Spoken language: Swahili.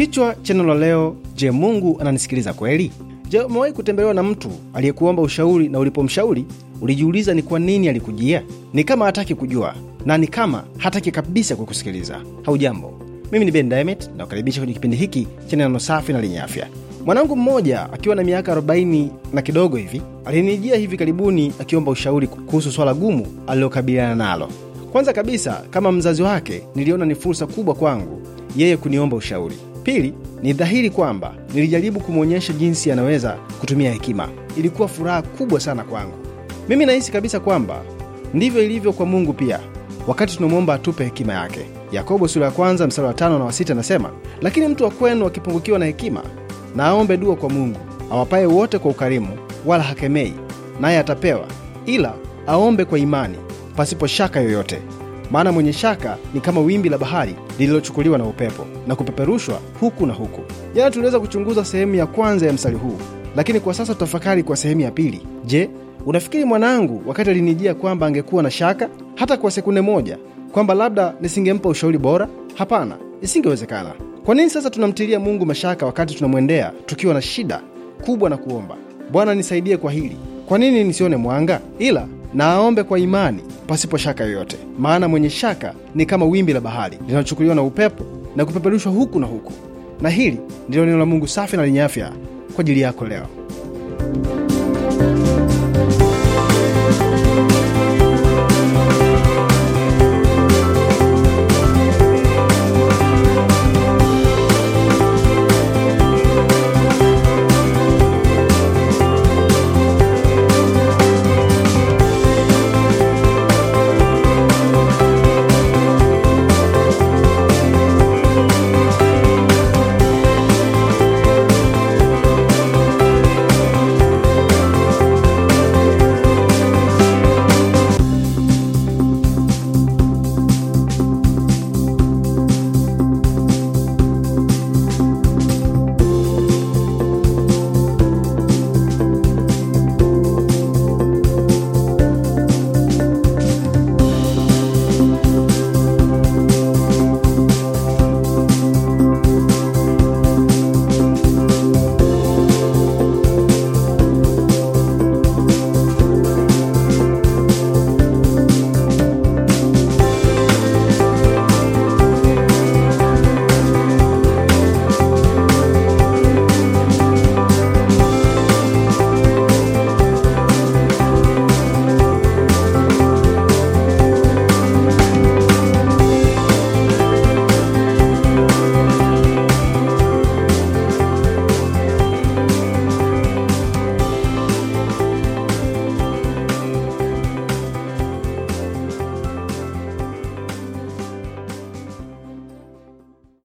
Kichwa cha neno la leo: Je, Mungu ananisikiliza kweli? Je, umewahi kutembelewa na mtu aliyekuomba ushauri na ulipomshauri ulijiuliza ni kwa nini alikujia? Ni kama hataki kujua na ni kama hataki kabisa kukusikiliza. Haujambo, mimi ni Ben Diamond na kukaribisha kwenye kipindi hiki cha neno safi na lenye afya. Mwanangu mmoja akiwa na miaka 40 na kidogo hivi alinijia hivi karibuni akiomba ushauri kuhusu swala gumu alilokabiliana nalo. Kwanza kabisa, kama mzazi wake, niliona ni fursa kubwa kwangu yeye kuniomba ushauri. Pili, ni dhahiri kwamba nilijaribu kumwonyesha jinsi anaweza kutumia hekima. Ilikuwa furaha kubwa sana kwangu. Mimi nahisi kabisa kwamba ndivyo ilivyo kwa Mungu pia, wakati tunamwomba atupe hekima yake. Yakobo sura ya kwanza mstari wa tano na wa sita nasema, lakini mtu wa kwenu akipungukiwa na hekima, na aombe dua kwa Mungu awapaye wote kwa ukarimu, wala hakemei, naye atapewa; ila aombe kwa imani pasipo shaka yoyote maana mwenye shaka ni kama wimbi la bahari lililochukuliwa na upepo na kupeperushwa huku na huku. Jana yaani tuliweza kuchunguza sehemu ya kwanza ya msali huu, lakini kwa sasa tutafakari kwa sehemu ya pili. Je, unafikiri mwanangu wakati alinijia kwamba angekuwa na shaka hata kwa sekunde moja kwamba labda nisingempa ushauri bora? Hapana, isingewezekana. Kwa nini sasa tunamtilia Mungu mashaka wakati tunamwendea tukiwa na shida kubwa na kuomba, Bwana nisaidie kwa hili? Kwa nini nisione mwanga? Ila naaombe kwa imani pasipo shaka yoyote, maana mwenye shaka ni kama wimbi la bahari linalochukuliwa na upepo na kupeperushwa huku na huku. Na hili ndilo neno la Mungu safi na lenye afya kwa ajili yako leo.